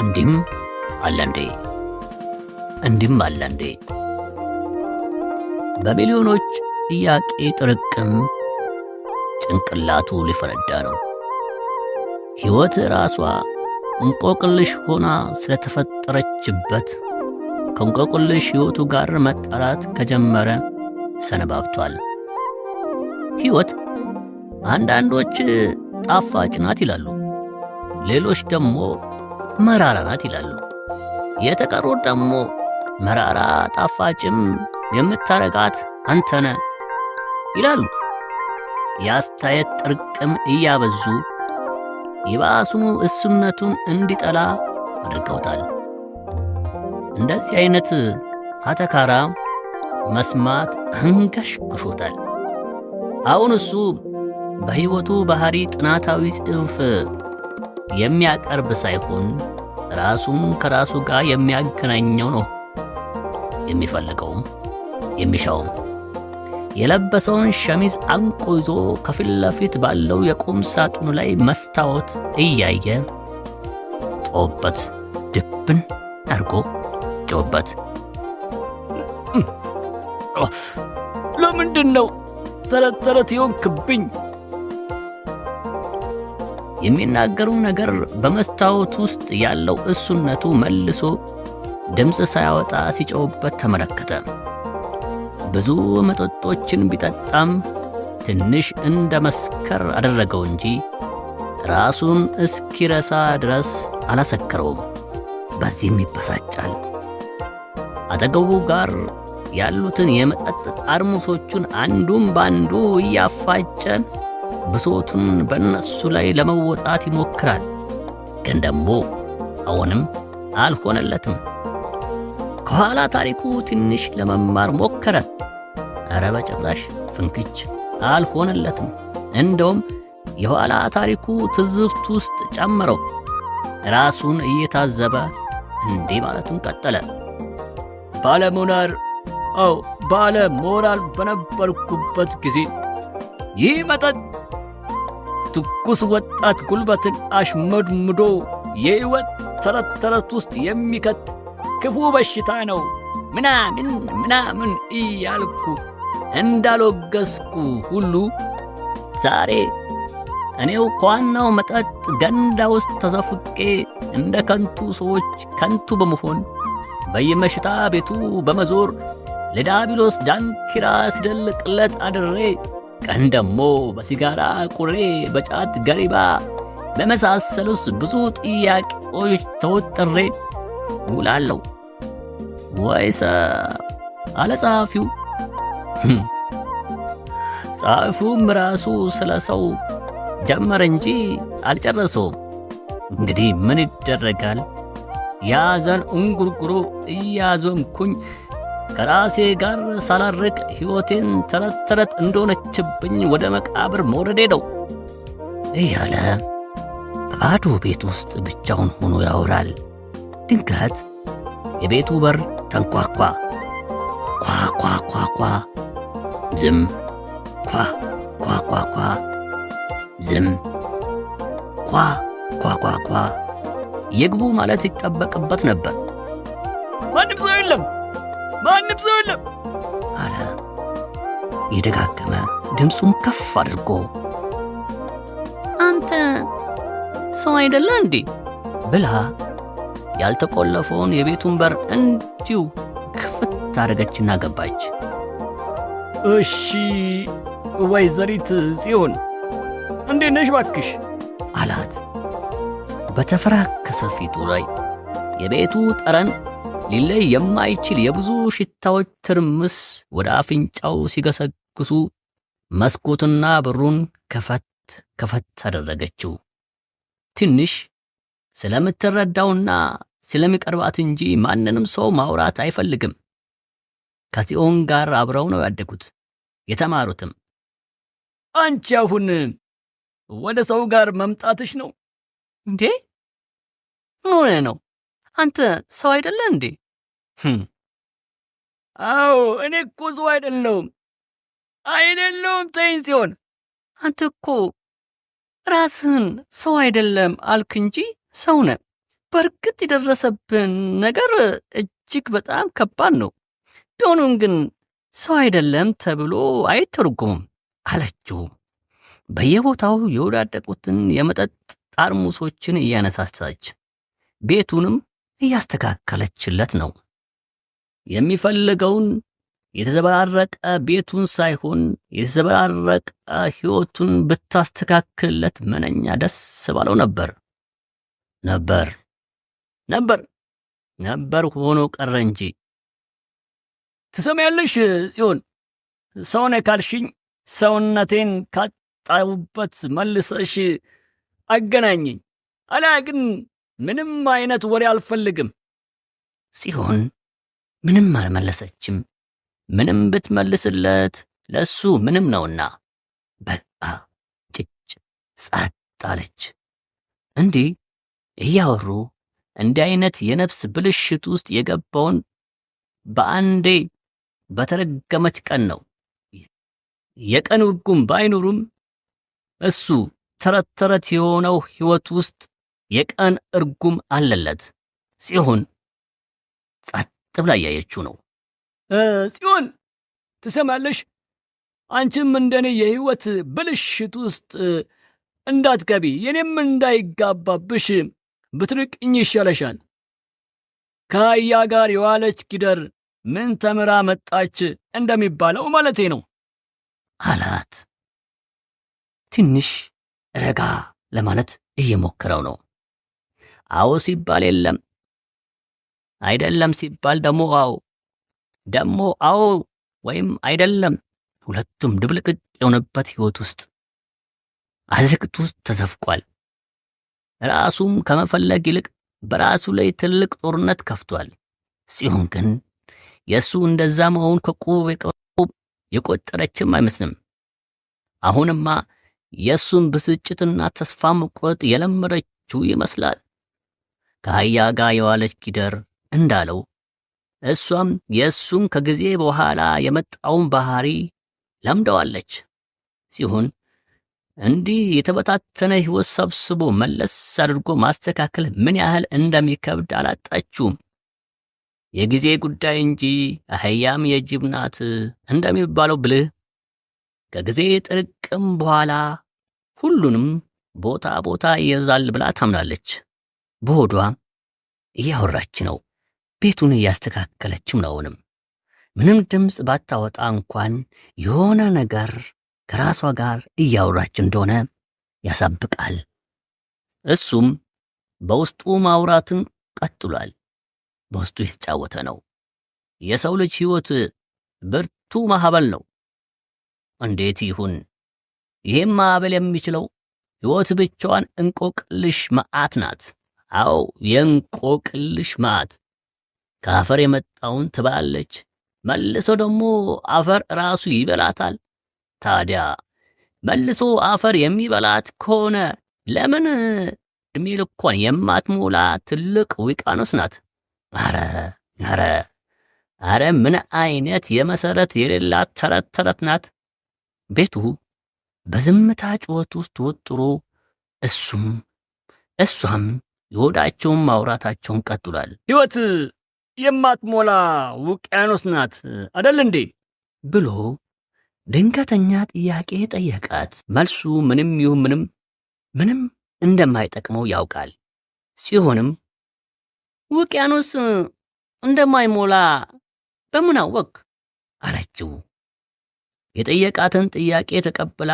እንዲህም አለ እንዴ እንዲህም አለ እንዴ በሚሊዮኖች ጥያቄ ጥርቅም ጭንቅላቱ ሊፈነዳ ነው። ሕይወት ራሷ እንቆቅልሽ ሆና ስለተፈጠረችበት ከእንቆቅልሽ ሕይወቱ ጋር መጣላት ከጀመረ ሰነባብቷል። ሕይወት አንዳንዶች ጣፋጭ ናት ይላሉ፣ ሌሎች ደግሞ መራራ ናት ይላሉ። የተቀሩት ደግሞ መራራ ጣፋጭም የምታረጋት አንተነ ይላሉ። የአስተያየት ጥርቅም እያበዙ ይባሱኑ እሱነቱን እንዲጠላ አድርገውታል። እንደዚህ አይነት አተካራ መስማት አንገሽግሾታል። አሁን እሱ በሕይወቱ ባህሪ ጥናታዊ ጽሑፍ የሚያቀርብ ሳይሆን ራሱን ከራሱ ጋር የሚያገናኘው ነው የሚፈልገውም የሚሻውም። የለበሰውን ሸሚዝ አንቆ ይዞ ከፊት ለፊት ባለው የቁም ሳጥኑ ላይ መስታወት እያየ ጮበት ድብን አርጎ ጮበት። ለምንድን ነው ተረት ተረት ይሆንክብኝ? የሚናገሩ ነገር በመስታወት ውስጥ ያለው እሱነቱ መልሶ ድምፅ ሳያወጣ ሲጨውበት ተመለከተ። ብዙ መጠጦችን ቢጠጣም ትንሽ እንደ መስከር አደረገው እንጂ ራሱን እስኪረሳ ድረስ አላሰከረውም። በዚህም ይበሳጫል። አጠገቡ ጋር ያሉትን የመጠጥ ጠርሙሶቹን አንዱን ባንዱ እያፋጨ ብሶቱን በእነሱ ላይ ለመወጣት ይሞክራል። ግን ደግሞ አሁንም አልሆነለትም። ከኋላ ታሪኩ ትንሽ ለመማር ሞከረ። እረ በጭራሽ ፍንክች አልሆነለትም። እንደውም የኋላ ታሪኩ ትዝብት ውስጥ ጨመረው። ራሱን እየታዘበ እንዲህ ማለቱን ቀጠለ። ባለሞናር አው ባለ ሞራል በነበርኩበት ጊዜ ይህ መጠጥ ትኩስ ወጣት ጉልበትን አሽመድምዶ የሕይወት ተረት ተረት ውስጥ የሚከት ክፉ በሽታ ነው ምናምን ምናምን እያልኩ እንዳልወገስኩ ሁሉ ዛሬ እኔው ከዋናው መጠጥ ገንዳ ውስጥ ተዘፍቄ እንደ ከንቱ ሰዎች ከንቱ በመሆን በየመሽታ ቤቱ በመዞር ለዳቢሎስ ዳንኪራ ሲደልቅለት አድሬ ቀን ደግሞ በሲጋራ ቁሬ፣ በጫት ገሪባ በመሳሰሉስ ብዙ ጥያቄዎች ተወጥሬ ውላለሁ። ወይስ አለ ጸሐፊው። ጸሐፊውም ራሱ ስለ ሰው ጀመረ እንጂ አልጨረሰውም። እንግዲህ ምን ይደረጋል? ያዘን እንጉርጉሮ እያዞምኩኝ ከራሴ ጋር ሳላርቅ ሕይወቴን ተረት ተረት እንደሆነችብኝ ወደ መቃብር መውረዴ ነው እያለ በባዶ ቤት ውስጥ ብቻውን ሆኖ ያወራል። ድንገት የቤቱ በር ተንኳኳ። ኳኳኳኳ ዝም ኳ ኳኳኳ ዝም ኳ ኳኳኳ የግቡ ማለት ይጠበቅበት ነበር። ማንም ሰው የለም። ማንም ሰው የለም አለ የደጋገመ ድምፁም ከፍ አድርጎ። አንተ ሰው አይደለ እንዴ ብላ ያልተቆለፈውን የቤቱን በር እንዲሁ ክፍት አደረገችና ገባች። እሺ ወይዘሪት ጽዮን እንዴ ነሽ ባክሽ አላት። በተፈራከሰ ፊቱ ላይ የቤቱ ጠረን ሊለይ የማይችል የብዙ ሽታዎች ትርምስ ወደ አፍንጫው ሲገሰግሱ መስኮትና በሩን ከፈት ከፈት አደረገችው። ትንሽ ስለምትረዳውና ስለሚቀርባት እንጂ ማንንም ሰው ማውራት አይፈልግም። ከጽዮን ጋር አብረው ነው ያደጉት የተማሩትም። አንቺ አሁን ወደ ሰው ጋር መምጣትሽ ነው እንዴ? ምን ነው አንተ ሰው አይደለ እንዴ? አዎ፣ እኔ እኮ ሰው አይደለሁም አይደለሁም። ተይኝ ሲሆን አንተ እኮ ራስህን ሰው አይደለም አልክ እንጂ ሰው ነህ። በእርግጥ የደረሰብን ነገር እጅግ በጣም ከባድ ነው። ቢሆኑም ግን ሰው አይደለም ተብሎ አይተርጉምም አለችው። በየቦታው የወዳደቁትን የመጠጥ ጠርሙሶችን እያነሳሳች ቤቱንም እያስተካከለችለት ነው። የሚፈልገውን የተዘበራረቀ ቤቱን ሳይሆን የተዘበራረቀ ሕይወቱን ብታስተካክልለት ምንኛ ደስ ባለው ነበር ነበር ነበር ነበር ሆኖ ቀረ እንጂ። ትሰሚያለሽ ጽዮን፣ ሰውነ ካልሽኝ ሰውነቴን ካጣውበት መልሰሽ አገናኘኝ አላ ግን ምንም አይነት ወሬ አልፈልግም ሲሆን ምንም አልመለሰችም። ምንም ብትመልስለት ለሱ ምንም ነውና በቃ ጭጭ ጸጥ አለች። እንዲህ እያወሩ እንዲህ አይነት የነፍስ ብልሽት ውስጥ የገባውን በአንዴ በተረገመች ቀን ነው። የቀን ውርጉም ባይኖሩም እሱ ተረት ተረት የሆነው ሕይወት ውስጥ የቀን እርጉም አለለት። ጽዮን ጸጥ ብላ እያየችው ነው። ጽዮን ትሰማለሽ? አንቺም እንደኔ የህይወት ብልሽት ውስጥ እንዳትገቢ የኔም እንዳይጋባብሽ ብትርቅኝ ይሻለሻል። ከአያ ጋር የዋለች ጊደር ምን ተምራ መጣች እንደሚባለው ማለቴ ነው አላት። ትንሽ ረጋ ለማለት እየሞከረው ነው። አዎ ሲባል የለም፣ አይደለም ሲባል ደሞ አዎ፣ ደሞ አዎ ወይም አይደለም። ሁለቱም ድብልቅቅ የሆነበት ህይወት ውስጥ አዘቅት ውስጥ ተዘፍቋል። ራሱም ከመፈለግ ይልቅ በራሱ ላይ ትልቅ ጦርነት ከፍቷል። ሲሆን ግን የእሱ እንደዛ መሆን ከቁብ የቆጠረችም አይመስልም። አሁንማ የእሱን ብስጭትና ተስፋ መቁረጥ የለመደችው ይመስላል። ከአህያ ጋር የዋለች ጊደር እንዳለው እሷም የእሱን ከጊዜ በኋላ የመጣውን ባህሪ ለምደዋለች ሲሆን እንዲህ የተበታተነ ሕይወት ሰብስቦ መለስ አድርጎ ማስተካከል ምን ያህል እንደሚከብድ አላጣችሁም። የጊዜ ጉዳይ እንጂ አህያም የጅብ ናት እንደሚባለው ብልህ ከጊዜ ጥርቅም በኋላ ሁሉንም ቦታ ቦታ ይይዛል ብላ ታምናለች። በሆዷ እያወራች ነው። ቤቱን እያስተካከለችም ነው። አሁንም ምንም ድምፅ ባታወጣ እንኳን የሆነ ነገር ከራሷ ጋር እያወራች እንደሆነ ያሳብቃል። እሱም በውስጡ ማውራትን ቀጥሏል። በውስጡ የተጫወተ ነው። የሰው ልጅ ሕይወት ብርቱ ማዕበል ነው። እንዴት ይሁን? ይህም ማዕበል የሚችለው ሕይወት ብቻዋን እንቆቅልሽ መዓት ናት። አዎ የእንቆቅልሽ ማት ከአፈር የመጣውን ትበላለች፣ መልሶ ደግሞ አፈር ራሱ ይበላታል። ታዲያ መልሶ አፈር የሚበላት ከሆነ ለምን ዕድሜ ልኳን የማትሞላ ትልቅ ውቅያኖስ ናት? አረ አረ አረ ምን አይነት የመሰረት የሌላት ተረት ተረት ናት! ቤቱ በዝምታ ጩኸት ውስጥ ወጥሮ እሱም እሷም የሆዳቸውን ማውራታቸውን ቀጥሏል። ሕይወት የማትሞላ ውቅያኖስ ናት አደል እንዴ ብሎ ድንገተኛ ጥያቄ ጠየቃት። መልሱ ምንም ይሁን ምንም ምንም እንደማይጠቅመው ያውቃል ሲሆንም ውቅያኖስ እንደማይሞላ በምን አወቅ አለችው። የጠየቃትን ጥያቄ ተቀብላ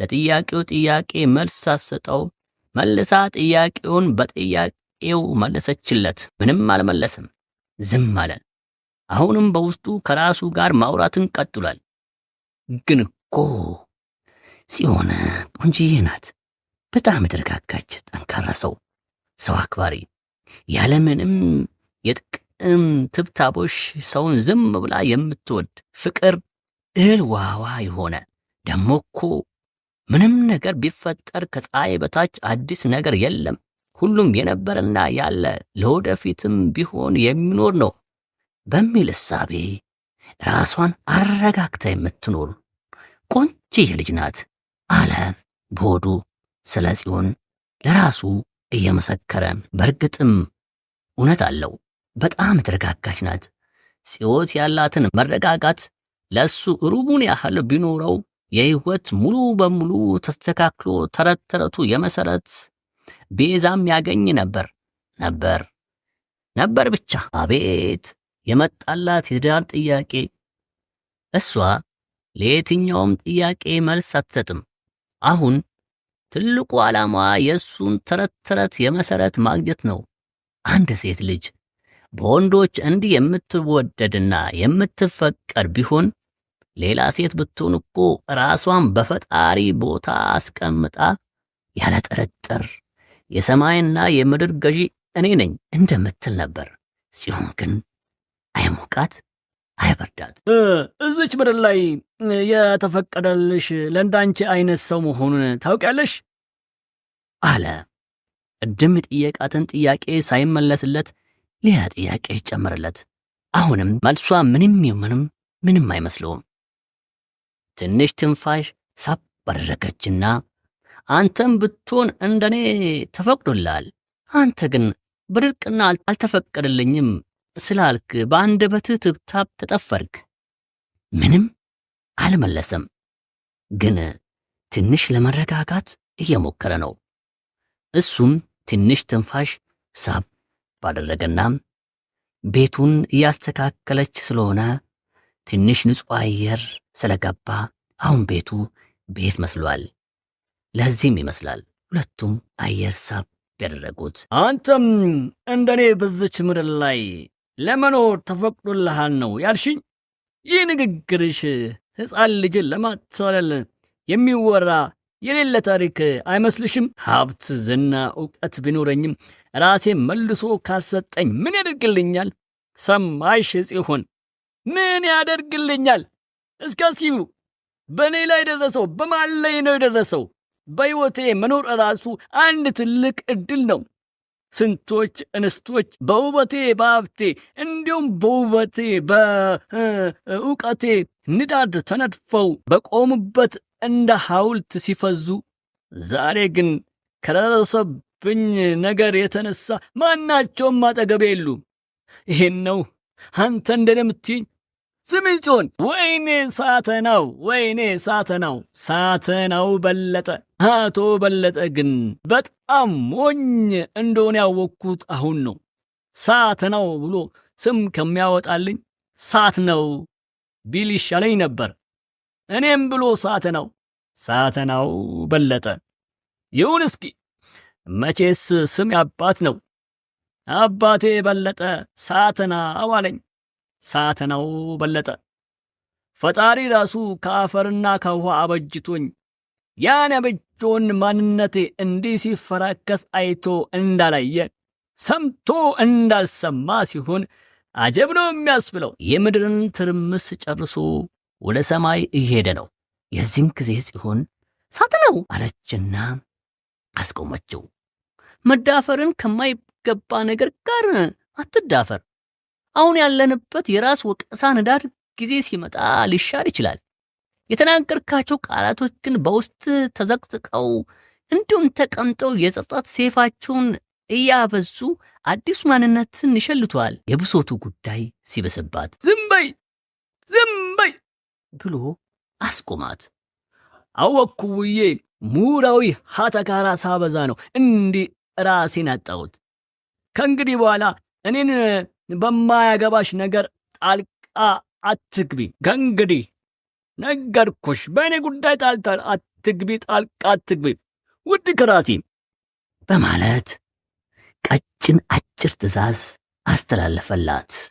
ለጥያቄው ጥያቄ መልስ ሳትሰጠው መልሳ ጥያቄውን በጥያቄው መለሰችለት። ምንም አልመለስም፣ ዝም አለ። አሁንም በውስጡ ከራሱ ጋር ማውራትን ቀጥሏል። ግን እኮ ጽዮን ቆንጅዬ ናት። በጣም የተረጋጋች፣ ጠንካራ ሰው፣ ሰው አክባሪ፣ ያለምንም የጥቅም ትብታቦሽ ሰውን ዝም ብላ የምትወድ ፍቅር እህል ዋዋ የሆነ ደሞ እኮ ምንም ነገር ቢፈጠር ከፀሐይ በታች አዲስ ነገር የለም። ሁሉም የነበረና ያለ ለወደፊትም ቢሆን የሚኖር ነው በሚል እሳቤ ራሷን አረጋግታ የምትኖር ቆንጆ ልጅ ናት አለ በሆዱ ስለ ጽዮን ለራሱ እየመሰከረ። በእርግጥም እውነት አለው። በጣም ተረጋጋች ናት። ጽዮት ያላትን መረጋጋት ለሱ ሩቡን ያህል ቢኖረው የህይወት ሙሉ በሙሉ ተስተካክሎ ተረት ተረቱ የመሰረት ቤዛም ያገኝ ነበር ነበር ነበር ብቻ። አቤት የመጣላት የዳር ጥያቄ! እሷ ለየትኛውም ጥያቄ መልስ አትሰጥም። አሁን ትልቁ ዓላማ የእሱን ተረት ተረት የመሰረት ማግኘት ነው። አንድ ሴት ልጅ በወንዶች እንዲህ የምትወደድና የምትፈቀድ ቢሆን ሌላ ሴት ብትሆን እኮ ራሷን በፈጣሪ ቦታ አስቀምጣ ያለ ጥርጥር የሰማይና የምድር ገዢ እኔ ነኝ እንደምትል ነበር። ሲሆን ግን አይሞቃት አይበርዳት። እዚች ምድር ላይ የተፈቀደልሽ ለእንዳንቺ አይነት ሰው መሆኑን ታውቂያለሽ አለ። እድም ጥየቃትን ጥያቄ ሳይመለስለት ሌላ ጥያቄ ይጨምርለት አሁንም መልሷ ምንም ምንም ምንም አይመስለውም። ትንሽ ትንፋሽ ሳብ አደረገችና አንተም ብትሆን እንደኔ ተፈቅዶልሃል፣ አንተ ግን በድርቅና አልተፈቀደልኝም ስላልክ በአንደበትህ ትብታብ ተጠፈርክ። ምንም አልመለሰም፣ ግን ትንሽ ለመረጋጋት እየሞከረ ነው። እሱም ትንሽ ትንፋሽ ሳብ ባደረገና ቤቱን እያስተካከለች ስለሆነ ትንሽ ንጹሕ አየር ስለገባ አሁን ቤቱ ቤት መስሏል። ለዚህም ይመስላል ሁለቱም አየር ሳብ ያደረጉት። አንተም እንደኔ በዝች ምድር ላይ ለመኖር ተፈቅዶልሃል ነው ያልሽኝ? ይህ ንግግርሽ ሕፃን ልጅን ለማታለል የሚወራ የሌለ ታሪክ አይመስልሽም? ሀብት፣ ዝና፣ እውቀት ቢኖረኝም ራሴን መልሶ ካልሰጠኝ ምን ያደርግልኛል? ሰማይሽ ጽሁን ምን ያደርግልኛል? እስኪ በእኔ ላይ የደረሰው በማን ላይ ነው የደረሰው? በሕይወቴ መኖር ራሱ አንድ ትልቅ ዕድል ነው። ስንቶች እንስቶች በውበቴ በሀብቴ እንዲሁም በውበቴ በእውቀቴ ንዳድ ተነድፈው በቆሙበት እንደ ሐውልት ሲፈዙ፣ ዛሬ ግን ከደረሰብኝ ነገር የተነሳ ማናቸውም አጠገቤ የሉም። ይሄን ነው አንተ እንደምትይኝ ስምጮን ወይኔ ነው ወይኔ ሳተናው ነው በለጠ አቶ በለጠ ግን በጣም ሞኝ እንደሆነ ያወቅኩት አሁን ነው። ሳተናው ብሎ ስም ከሚያወጣልኝ ሳት ነው ቢል ይሻለኝ ነበር። እኔም ብሎ ሳተናው ሳተናው በለጠ ይሁን እስኪ መቼስ ስም አባት ነው። አባቴ በለጠ ሳተና አዋለኝ ሳት ነው በለጠ። ፈጣሪ ራሱ ከአፈርና ከውሃ አበጅቶኝ ያን ያበጆን ማንነቴ እንዲህ ሲፈራከስ አይቶ እንዳላየ ሰምቶ እንዳልሰማ ሲሆን አጀብ ነው የሚያስብለው። የምድርን ትርምስ ጨርሶ ወደ ሰማይ እየሄደ ነው። የዚህን ጊዜ ጽዮን ሳት ነው አለችና አስቆመችው። መዳፈርን ከማይገባ ነገር ጋር አትዳፈር አሁን ያለንበት የራስ ወቀሳ ንዳድ ጊዜ ሲመጣ ሊሻር ይችላል። የተናገርካቸው ቃላቶች ግን በውስጥ ተዘቅዝቀው እንዲሁም ተቀምጠው የጸጸት ሴፋቸውን እያበዙ አዲሱ ማንነትን ይሸልቷል። የብሶቱ ጉዳይ ሲበስባት ዝም በይ ዝም በይ ብሎ አስቆማት። አወቅኩ ውዬ ምሁራዊ ሀተካራ ሳበዛ ነው እንዲህ ራሴን አጣሁት። ከእንግዲህ በኋላ እኔን በማያገባሽ ነገር ጣልቃ አትግቢ። ከእንግዲህ ነገርኩሽ፣ በእኔ ጉዳይ ጣልታል አትግቢ፣ ጣልቃ አትግቢ ውድ ከራቲ በማለት ቀጭን አጭር ትእዛዝ አስተላለፈላት።